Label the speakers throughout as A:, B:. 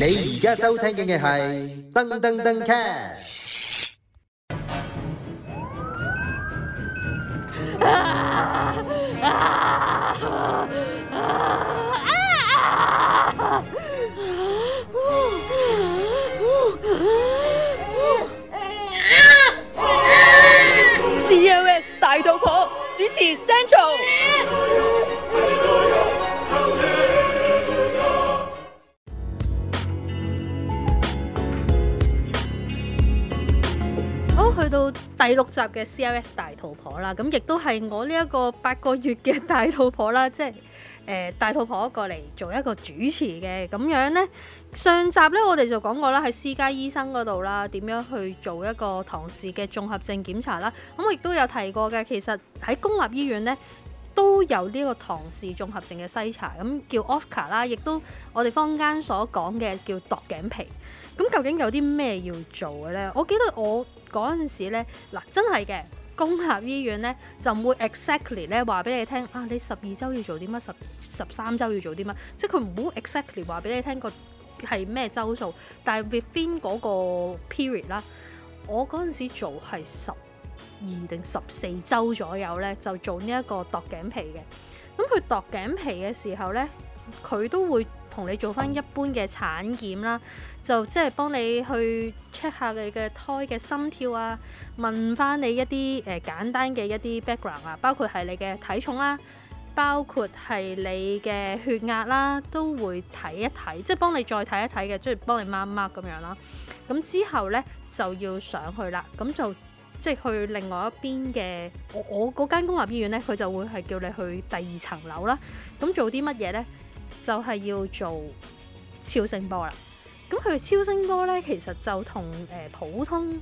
A: 你而家收聽嘅係登登登 cat。COS 大肚婆主持 Central。到第六集嘅 CLS 大肚婆啦，咁亦都係我呢一個八個月嘅大肚婆啦，即係誒、呃、大肚婆過嚟做一個主持嘅咁樣呢，上集呢，我哋就講過啦，喺私家醫生嗰度啦，點樣去做一個唐氏嘅綜合症檢查啦。咁我亦都有提過嘅，其實喺公立醫院呢，都有呢個唐氏綜合症嘅篩查，咁叫 Oscar 啦，亦都我哋坊間所講嘅叫度頸皮。咁究竟有啲咩要做嘅咧？我記得我嗰陣時咧，嗱真係嘅，公立醫院咧就唔會 exactly 咧話俾你聽啊，你十二周要做啲乜？十十三周要做啲乜？即係佢唔好 exactly 話俾你聽嗰個係咩周數，但係 within 嗰個 period 啦，我嗰陣時做係十二定十四周左右咧，就做呢一個度頸皮嘅。咁佢度頸皮嘅時候咧，佢都會，同你做翻一般嘅產檢啦，就即係幫你去 check 下你嘅胎嘅心跳啊，問翻你一啲誒、呃、簡單嘅一啲 background 啊，包括係你嘅體重啦、啊，包括係你嘅血壓啦、啊，都會睇一睇，即係幫你再睇一睇嘅，即、就、係、是、幫你摸一摸咁樣啦、啊。咁之後咧就要上去啦，咁就即係去另外一邊嘅我我嗰間公立醫院咧，佢就會係叫你去第二層樓啦、啊。咁做啲乜嘢咧？就係要做超聲波啦，咁佢超聲波咧，其實就同誒、呃、普通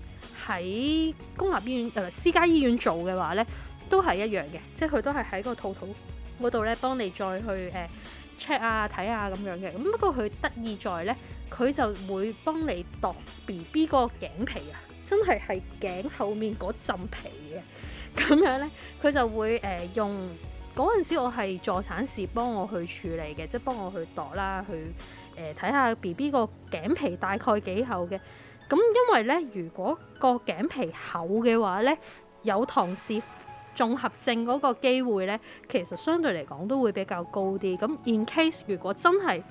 A: 喺公立醫院、誒、呃、私家醫院做嘅話咧，都係一樣嘅，即係佢都係喺個肚肚嗰度咧，幫你再去誒 check 啊、睇、呃、下咁樣嘅。咁不過佢得意在咧，佢就會幫你度 BB 個頸皮啊，真係係頸後面嗰浸皮嘅，咁樣咧，佢就會誒、呃、用。嗰陣時我係助產士幫我去處理嘅，即係幫我去度啦，去誒睇下 BB 個頸皮大概幾厚嘅。咁因為咧，如果個頸皮厚嘅話咧，有唐氏綜合症嗰個機會咧，其實相對嚟講都會比較高啲。咁 in case 如果真係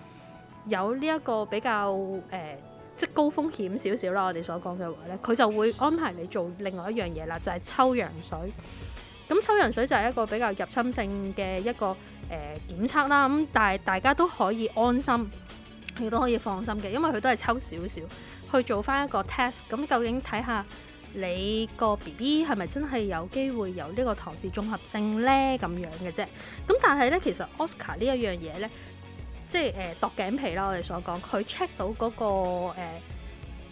A: 有呢一個比較誒、呃，即係高風險少少啦，我哋所講嘅話咧，佢就會安排你做另外一樣嘢啦，就係抽羊水。咁、嗯、抽羊水就係一個比較入侵性嘅一個誒、呃、檢測啦，咁但係大家都可以安心，亦都可以放心嘅，因為佢都係抽少少去做翻一個 test，咁、嗯、究竟睇下你個 B B 係咪真係有機會有呢個唐氏綜合症呢？咁樣嘅啫？咁、嗯、但係呢，其實 Oscar 呢一樣嘢呢，即係誒度頸皮啦，我哋所講，佢 check 到嗰、那個、呃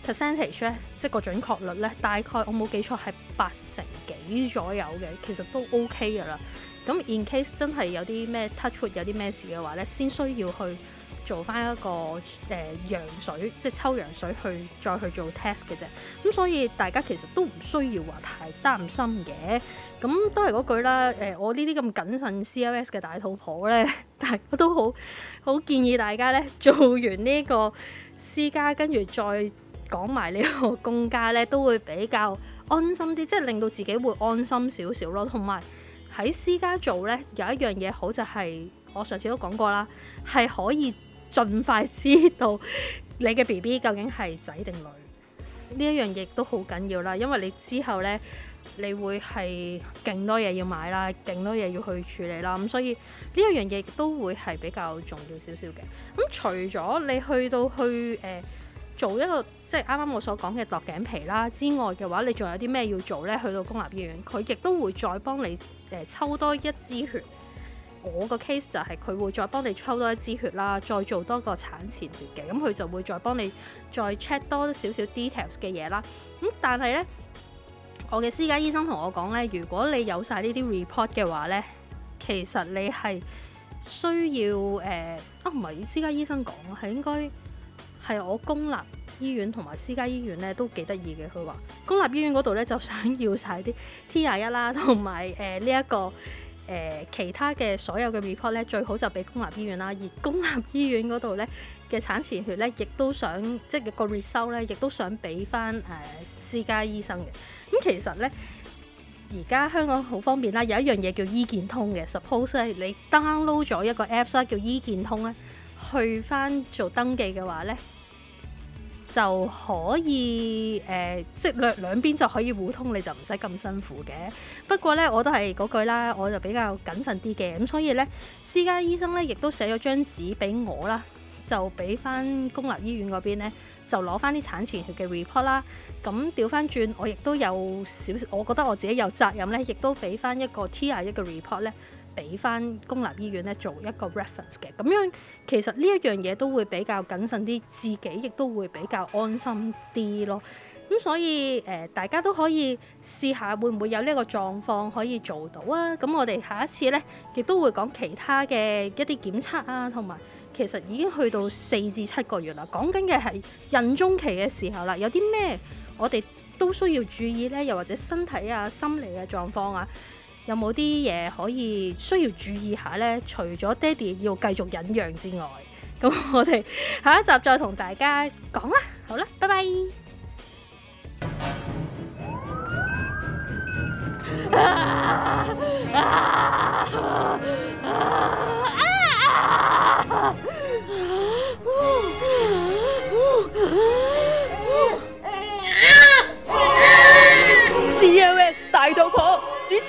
A: percentage 咧，即係個準確率咧，大概我冇記錯係八成幾左右嘅，其實都 OK 噶啦。咁 in case 真係有啲咩 touch 有啲咩事嘅話咧，先需要去做翻一個誒、呃、羊水，即係抽羊水去再去做 test 嘅啫。咁所以大家其實都唔需要話太擔心嘅。咁都係嗰句啦，誒、呃、我呢啲咁謹慎 c O s 嘅大肚婆咧，但係我都好好建議大家咧，做完呢個私家跟住再。講埋呢個公家呢，都會比較安心啲，即係令到自己會安心少少咯。同埋喺私家做呢，有一樣嘢好就係我上次都講過啦，係可以盡快知道你嘅 BB 究竟係仔定女。呢一樣嘢都好緊要啦，因為你之後呢，你會係勁多嘢要買啦，勁多嘢要去處理啦。咁所以呢一樣嘢都會係比較重要少少嘅。咁除咗你去到去誒、呃做一個即係啱啱我所講嘅落頸皮啦之外嘅話，你仲有啲咩要做呢？去到公立醫院，佢亦都會再幫你誒、呃、抽多一支血。我個 case 就係、是、佢會再幫你抽多一支血啦，再做多個產前血嘅。咁佢就會再幫你再 check 多少少 details 嘅嘢啦。咁、嗯、但係呢，我嘅私家醫生同我講呢，如果你有晒呢啲 report 嘅話呢，其實你係需要誒、呃，啊唔係私家醫生講，係應該。係我公立醫院同埋私家醫院咧都幾得意嘅。佢話公立醫院嗰度咧就想要晒啲 T 廿一啦，同埋誒呢一個誒、呃、其他嘅所有嘅 report 咧，最好就俾公立醫院啦。而公立醫院嗰度咧嘅產前血咧，亦都想即係個 re s 收咧，亦都想俾翻誒私家醫生嘅。咁、嗯、其實咧，而家香港好方便啦，有一樣嘢叫醫健通嘅。Suppose 你 download 咗一個 apps 啦，叫醫健通咧，去翻做登記嘅話咧。就可以誒、呃，即係兩兩邊就可以互通，你就唔使咁辛苦嘅。不過呢，我都係嗰句啦，我就比較謹慎啲嘅，咁所以呢，私家醫生呢，亦都寫咗張紙俾我啦。就俾翻公立醫院嗰邊咧，就攞翻啲產前血嘅 report 啦。咁調翻轉，我亦都有少，少。我覺得我自己有責任咧，亦都俾翻一個 TIA 一個 report 咧，俾翻公立醫院咧做一個 reference 嘅。咁樣其實呢一樣嘢都會比較謹慎啲，自己亦都會比較安心啲咯。咁所以誒、呃，大家都可以試下會唔會有呢個狀況可以做到啊？咁我哋下一次咧，亦都會講其他嘅一啲檢測啊，同埋。其實已經去到四至七個月啦，講緊嘅係孕中期嘅時候啦，有啲咩我哋都需要注意呢？又或者身體啊、心理嘅狀況啊，有冇啲嘢可以需要注意下呢？除咗爹哋要繼續忍讓之外，咁我哋下一集再同大家講啦。好啦，拜拜。啊啊啊啊